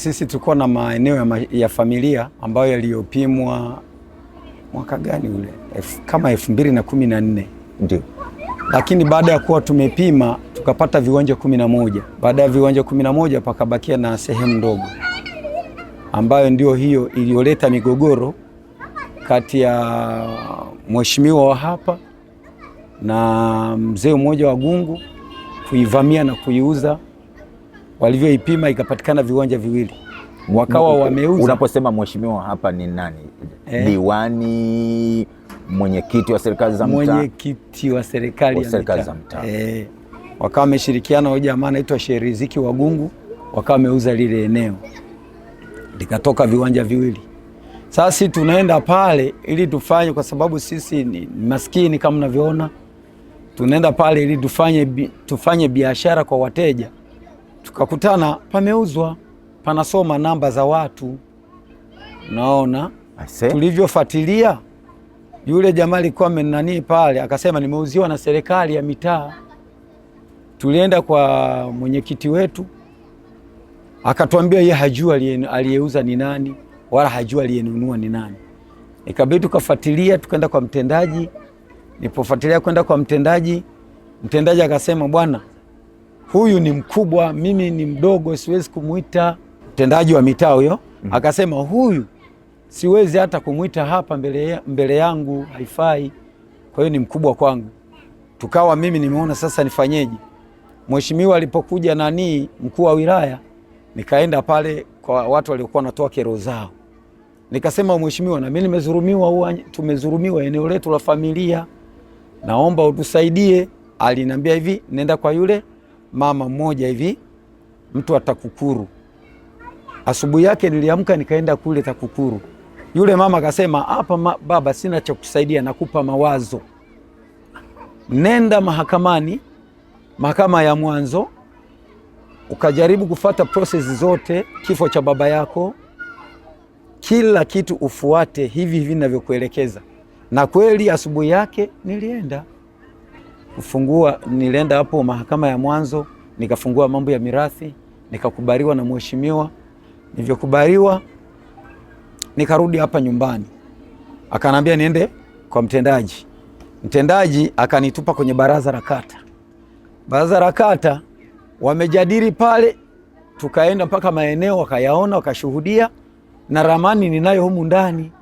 Sisi tulikuwa na maeneo ya, ma ya familia ambayo yaliyopimwa mwaka gani ule F, kama elfu mbili na kumi na nne ndio, lakini baada ya kuwa tumepima tukapata viwanja kumi na moja. Baada ya viwanja kumi na moja pakabakia na sehemu ndogo ambayo ndio hiyo iliyoleta migogoro kati ya mheshimiwa wa hapa na mzee mmoja wa Gungu kuivamia na kuiuza walivyoipima ikapatikana viwanja viwili wakawa wameuza. Unaposema mheshimiwa hapa ni nani? Eh, diwani, mwenyekiti wa serikali za mtaa, mwenyekiti wa serikali za mtaa eh, wakawa wameshirikiana huyu jamaa anaitwa Sheriziki Wagungu, wakawa wameuza lile eneo likatoka viwanja viwili. Sasa tunaenda pale ili tufanye, kwa sababu sisi ni maskini kama mnavyoona, tunaenda pale ili tufanye, tufanye biashara kwa wateja tukakutana pameuzwa, panasoma namba za watu. Naona tulivyofuatilia yule jamaa alikuwa amenani pale, akasema nimeuziwa na serikali ya mitaa. Tulienda kwa mwenyekiti wetu, akatuambia yeye hajua aliyeuza ni nani, wala hajua aliyenunua ni nani. Ikabidi tukafuatilia, tukaenda kwa mtendaji. Nilipofuatilia kwenda kwa mtendaji, mtendaji akasema bwana huyu ni mkubwa, mimi ni mdogo, siwezi kumwita mtendaji wa mitaa huyo. mm Akasema huyu siwezi hata kumwita hapa mbele, mbele yangu haifai, kwa hiyo ni mkubwa kwangu. Tukawa mimi nimeona sasa nifanyeje. Mheshimiwa alipokuja nani mkuu wa wilaya, nikaenda pale kwa watu waliokuwa wanatoa kero zao, nikasema mheshimiwa, na mimi nimezurumiwa, tumezurumiwa eneo letu la familia, naomba utusaidie. Aliniambia hivi, nenda kwa yule mama mmoja hivi, mtu wa TAKUKURU. Asubuhi yake niliamka nikaenda kule TAKUKURU, yule mama akasema, hapa ma, baba, sina cha kusaidia, nakupa mawazo, nenda mahakamani, mahakama ya mwanzo ukajaribu kufata prosesi zote, kifo cha baba yako, kila kitu ufuate hivi hivi ninavyokuelekeza. Na kweli asubuhi yake nilienda kufungua, nilienda hapo mahakama ya mwanzo nikafungua mambo ya mirathi, nikakubaliwa na mheshimiwa. Nilivyokubaliwa nikarudi hapa nyumbani, akanambia niende kwa mtendaji. Mtendaji akanitupa kwenye baraza la kata. Baraza la kata wamejadili pale, tukaenda mpaka maeneo wakayaona, wakashuhudia na ramani ninayo humu ndani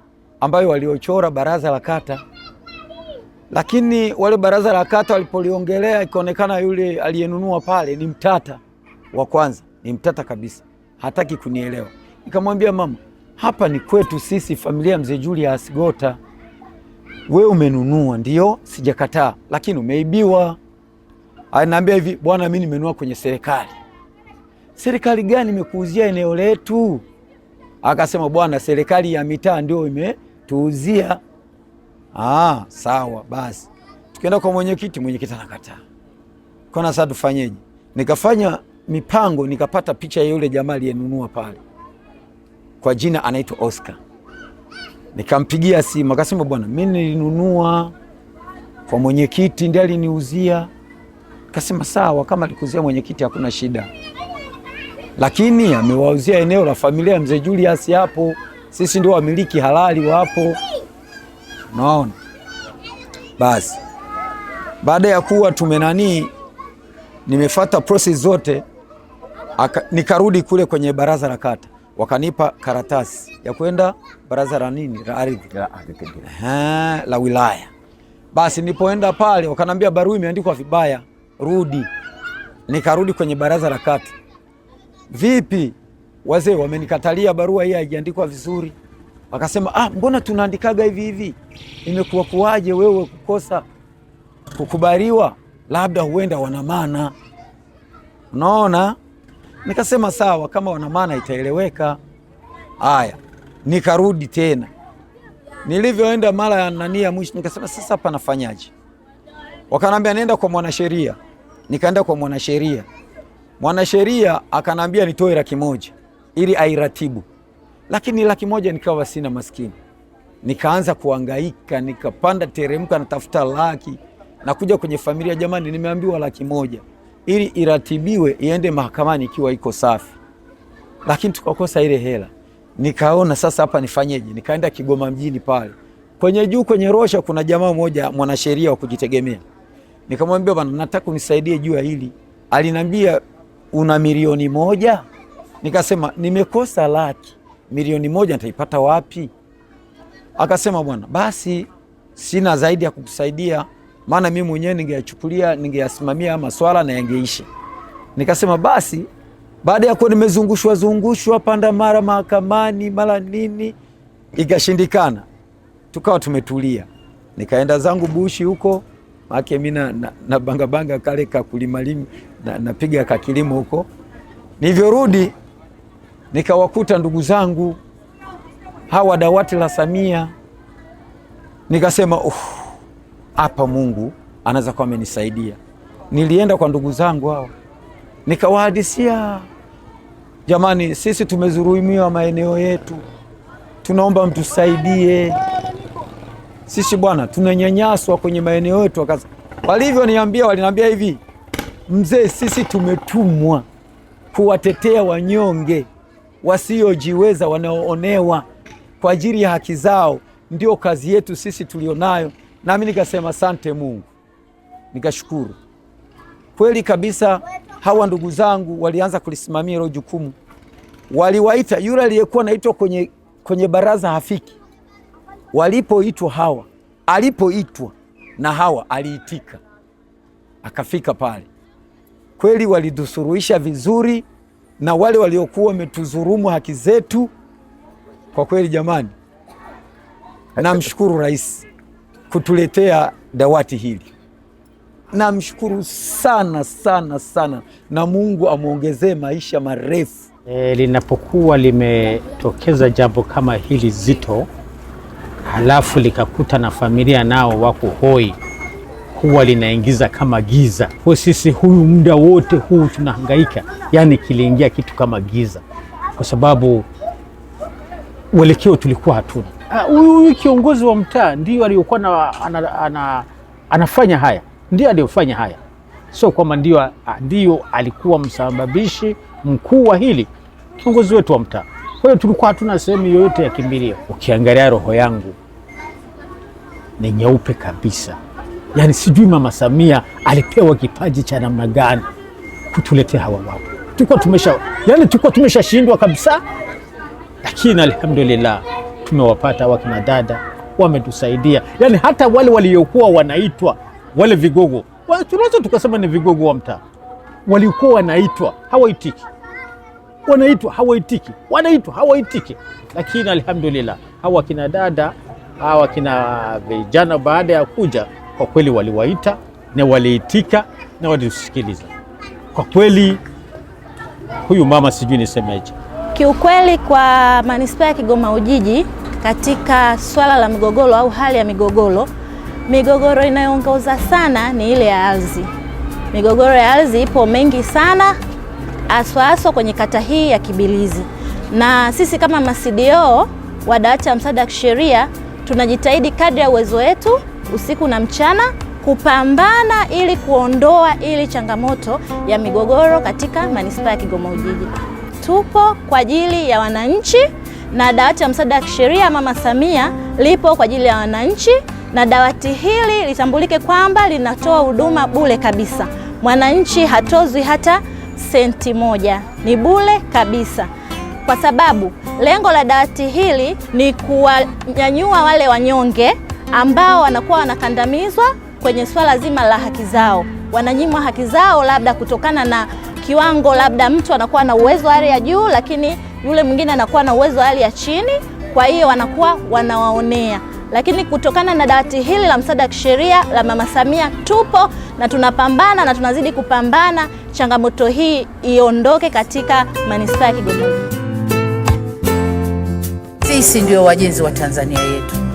ambayo waliochora baraza la kata lakini wale baraza la kata walipoliongelea ikaonekana yule aliyenunua pale ni mtata wa kwanza, ni mtata kabisa, hataki kunielewa. Nikamwambia mama, hapa ni kwetu sisi, familia mzee Julius Gota. We umenunua ndio, sijakataa, lakini umeibiwa. Ananiambia hivi, bwana, mimi nimenunua kwenye serikali. Serikali gani imekuuzia eneo letu? Akasema bwana, serikali ya mitaa ndio imetuuzia Ah, sawa basi. Tukienda kwa mwenyekiti, mwenyekiti anakataa. Kona sasa tufanyeje? Nikafanya mipango, nikapata picha ya yule jamaa aliyenunua pale, kwa jina anaitwa Oscar. Nikampigia simu akasema, bwana, mimi nilinunua kwa mwenyekiti, ndiye aliniuzia. Kasema sawa, kama alikuzia mwenyekiti hakuna shida, lakini amewauzia eneo la familia ya mzee Julius hapo, sisi ndio wamiliki halali wa hapo unaona. Basi baada ya kuwa tumenani, nimefuata process zote aka, nikarudi kule kwenye baraza la kata, wakanipa karatasi ya kwenda baraza la nini la ardhi la, la wilaya. Basi nilipoenda pale wakanambia barua imeandikwa vibaya, rudi. Nikarudi kwenye baraza la kata, vipi wazee wamenikatalia barua hii haijaandikwa vizuri wakasema ah, mbona tunaandikaga hivi hivi, imekuwa kuwaje wewe kukosa kukubaliwa? Labda huenda wana maana, unaona. Nikasema sawa, kama wana maana itaeleweka. Haya, nikarudi tena, nilivyoenda mara ya nani ya mwisho, nikasema sasa hapa nafanyaje? Wakanambia nenda kwa mwanasheria. Nikaenda kwa mwanasheria, mwanasheria akanambia nitoe laki moja ili airatibu lakini laki moja nikawa sina maskini. Nikaanza kuangaika, nikapanda teremka, natafuta laki, nakuja kwenye familia, jamani, nimeambiwa laki moja ili iratibiwe iende mahakamani ikiwa iko safi, lakini tukakosa ile hela. Nikaona sasa hapa nifanyeje? Nikaenda Kigoma mjini pale kwenye juu kwenye rosha, kuna jamaa mmoja mwanasheria wa kujitegemea, nikamwambia bana, nataka unisaidie juu ya hili. Aliniambia una milioni moja? Nikasema nimekosa laki milioni moja nitaipata wapi? Akasema bwana, basi sina zaidi ya kukusaidia, maana mimi mwenyewe ningeyachukulia ningeyasimamia maswala na yangeisha. Nikasema basi, baada ya kuwa nimezungushwa zungushwa panda mara mahakamani mara nini, ikashindikana, tukawa tumetulia. Nikaenda zangu Bushi huko maake mi na, na bangabanga kale kakulimalimi napiga na kakilimo huko nilivyorudi nikawakuta ndugu zangu hawa dawati la Samia, nikasema hapa Mungu anaweza kuwa amenisaidia. Nilienda kwa ndugu zangu hawa nikawahadisia, jamani, sisi tumezulumiwa maeneo yetu, tunaomba mtusaidie sisi bwana, tunanyanyaswa kwenye maeneo yetu. Walivyoniambia, waliniambia hivi, mzee, sisi tumetumwa kuwatetea wanyonge wasiojiweza, wanaoonewa kwa ajili ya haki zao. Ndio kazi yetu sisi tulionayo. Nami nikasema sante Mungu, nikashukuru kweli kabisa. Hawa ndugu zangu walianza kulisimamia hilo jukumu, waliwaita yule aliyekuwa naitwa kwenye, kwenye baraza hafiki. Walipoitwa hawa, alipoitwa na hawa aliitika, akafika pale kweli, walitusuruhisha vizuri na wale waliokuwa wametuzurumu haki zetu. Kwa kweli jamani, namshukuru rais kutuletea dawati hili, namshukuru sana sana sana, na Mungu amwongezee maisha marefu. E, linapokuwa limetokeza jambo kama hili zito, halafu likakuta na familia nao wako hoi huwa linaingiza kama giza. Kwa sisi huyu muda wote huu tunahangaika, yani kiliingia kitu kama giza, kwa sababu uelekeo tulikuwa hatuna. Ah, huyu kiongozi wa mtaa ndio aliyokuwa ana, ana, ana, anafanya haya, ndio aliyofanya haya, sio kwamba ndio, ah, ndio alikuwa msababishi mkuu wa hili, kiongozi wetu wa mtaa. Kwa hiyo tulikuwa hatuna sehemu yoyote ya kimbilio. Ukiangalia roho yangu ni nyeupe kabisa yani sijui Mama Samia alipewa kipaji cha namna gani kutuletea hawa watu. Tulikuwa tumesha yani, tulikuwa tumeshashindwa kabisa, lakini alhamdulillah tumewapata wakina kina dada, wametusaidia. Yani hata wale waliokuwa wanaitwa wale vigogo, tunaweza tukasema ni vigogo wa mtaa, waliokuwa wanaitwa hawaitiki, wanaitwa hawaitiki, wanaitwa hawaitiki, lakini alhamdulillah hawa kina dada hawa kina vijana baada ya kuja kwa kweli waliwaita na waliitika na walitusikiliza. Kwa kweli huyu mama sijui nisemeje. Kiukweli, kwa manispaa ya Kigoma Ujiji, katika swala la migogoro au hali ya migogoro, migogoro inayoongoza sana ni ile ya ardhi. Migogoro ya ardhi ipo mengi sana, haswahaswa kwenye kata hii ya Kibilizi, na sisi kama masidio wa dawati ya msaada wa kisheria tunajitahidi kadri ya uwezo wetu usiku na mchana kupambana ili kuondoa ili changamoto ya migogoro katika manispaa ya Kigoma Ujiji. Tupo kwa ajili ya wananchi na dawati la msaada wa kisheria Mama Samia lipo kwa ajili ya wananchi, na dawati hili litambulike kwamba linatoa huduma bure kabisa. Mwananchi hatozwi hata senti moja, ni bure kabisa, kwa sababu lengo la dawati hili ni kuwanyanyua wale wanyonge ambao wanakuwa wanakandamizwa kwenye swala zima la haki zao, wananyimwa haki zao, labda kutokana na kiwango, labda mtu anakuwa na uwezo wa hali ya juu, lakini yule mwingine anakuwa na uwezo wa hali ya chini, kwa hiyo wanakuwa wanawaonea. Lakini kutokana na dawati hili la msaada wa kisheria la Mama Samia, tupo na tunapambana na tunazidi kupambana changamoto hii iondoke katika manispaa ya Kigoma. Sisi ndio wajenzi wa Tanzania yetu.